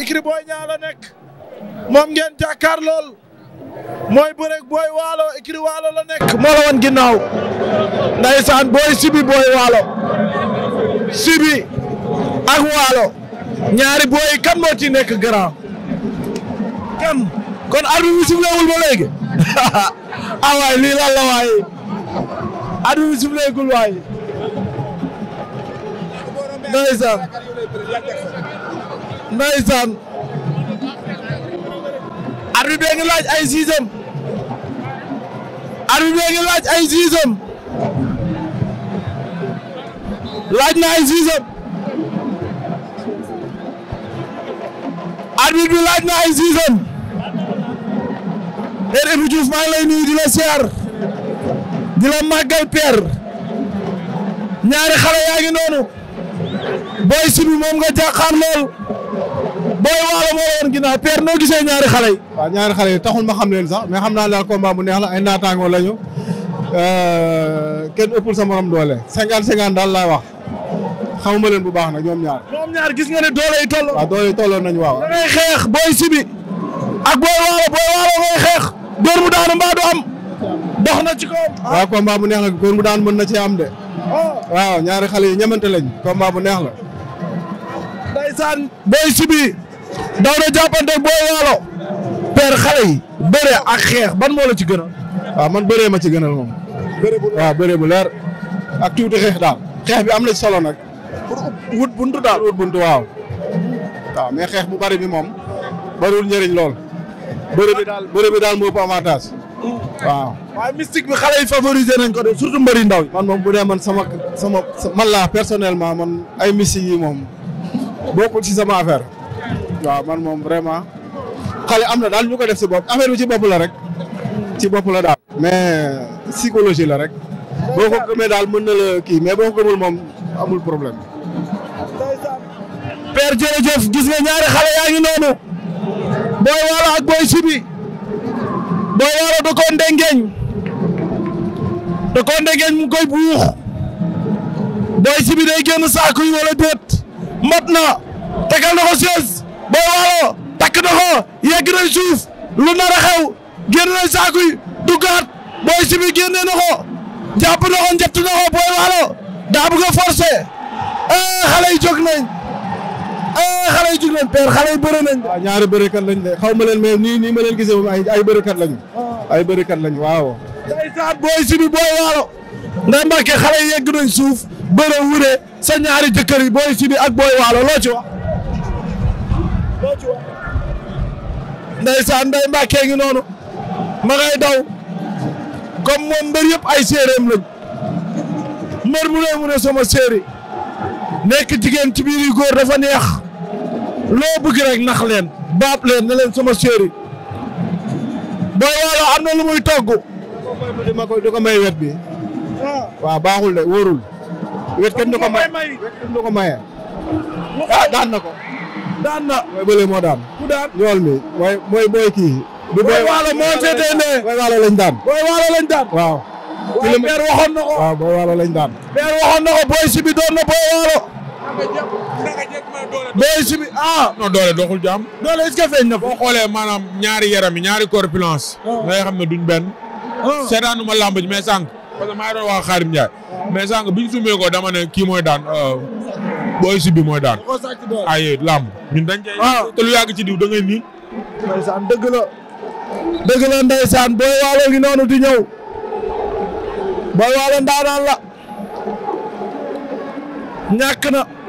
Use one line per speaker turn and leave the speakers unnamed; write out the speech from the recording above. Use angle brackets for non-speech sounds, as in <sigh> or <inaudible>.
ikri booy ñaa la nekk moom ngeen jàkkaar lool mooy bëreg booy waalo ikri waalo la nekk moo la woon ginnaaw ndaysaan booy sibi booy waalo sibi ak waalo ñaari booy kan moo ci nekk grand kan kon arbitre bi sifleegul ba léegi <laughs> ah lii lan la waay arbitre bi sifleegul waay ndeysaan arbitre bi ngi laaj ay siisam arbitre bi ngi laaj ay siisam laaj na ay siisam arbitre bi laaj na ay siisam Père Ibou Diouf maa ngi lay nuyu di la siyaar di la màggal père ñaari xale yaa ngi noonu boy si bi moom nga jàkkaar lool booy waalo moo la woon ginnaaw père noo gisee ñaari xale yi. ñaari xale yi taxul ma xam leen sax mais xam naa daal combat bu neex la ay naataangoo lañu euh, kenn ëppul sa morom doole. cinquante cinquante daal laa wax xamuma leen bu baax na ñoom ñaar. ñoom gis nga ne doole yi tolloo. waaw doole yi tolloo nañu waaw. xeex booy sibi ak booy waalo booy waalo ngay xeex. góor mu daanu mbaa am. dox na ci kawam. Ah. waaw combat bu neex la góor mu daanu mën na ci am de. Ah. waaw ñaari xale yi ñamante lañ. combat bu neex la. daw na jàppante booy waalo père xale yi bëre ak xeex ban moo la ci gënal. waaw man bëree ma ci gënal moom. bëree bu waaw bëree bu leer. ak tuuti xeex daal. xeex bi am na solo nag. pour wut buntu daal wut bunt waaw. waaw mais xeex bu bari bi moom. bariwul njëriñ lool. bëre bi daal bëre bi daal moo ëpp avantage. waaw. waaye mystique bi xale yi favoriser nañ ko de surtout mbëri ndaw yi. man moom bu dee man sama sama man laa personnellement man ay mystique yi moom bokkul ci sama affaire. waaw man moom vraiment xale am na daal ñu ko def si bopp affaire bi ci bopp la rek ci bopp la daal. mais psychologie la rek. boo ko gëmee daal mën na la kii mais boo ko gëmul moom amul problème. père jërëjëf gis nga ñaari xale yaa ngi noonu. booy waalo ak booy sibi. booy waalo da koo ndengeeñ. da mu koy buux. booy sibi day génn saako wala déet. mat na tegal na ko Boy Waalo takk na ko yegg nañ suuf lu nar a xew génn nañ saako yi duggaat Boy Simi génne na ko jàpp na ko njëtt na ko Boy Waalo daa bëgg a forcer eh, xale yi jóg nañ eh, xale yi jóg nañ père xale yi bëre nañ. waaw ñaari bërekat lañ de xaw ma leen nii nii ma leen gisee moom ay ay bërekat lañ ah. ay lañ waaw. ndeysaan Boy Simi Waalo ndax Mbàkke xale yegg nañ suuf bëre wuure sa ñaari jëkkër yi Boy Simi ak Boy Waalo loo ci wax. ndeysaan Ndeye Mbacke ngi noonu ma ngay daw comme moom mbër yëpp ay séeréem lañ mbër mu ne mu ne sama séeri nekk jigéen ci biir yu góor dafa neex loo bëgg rek nax leen baab leen ne leen sama séeri booy waalo am na lu muy togg dima koy du ko may wet bi ah. waaw baaxul de wóorul wet kenn du ko may maye ah, ah, na ko daan na mooy bële moo daan. ku mi mooy booy kii. du booy waalo moo seetee ne. booy waalo lañ daan. booy waalo lañ daan. booy waalo si bi doon na booy waalo. booy si bi ah. doole doxul jàmm. doole est-ce na. boo xoolee maanaam ñaari yaram yi ñaari corpulence. Oh. ngay xam ne duñ benn. Oh. seetaanu ma làmb ji mais sànq. parce que maa ngi doon wax Xaarim sànq biñ sumee ko dama kii moy daan. Euh, booy sibbi mooy daan. ay làmb ñun dañ cee. waaw ah. te lu yàgg ci diw da ngay nii. ndeysaan dëgg la. dëgg la ndeysaan booy waalo ngi noonu di ñëw. booy waalo ndaanaan la. ñàkk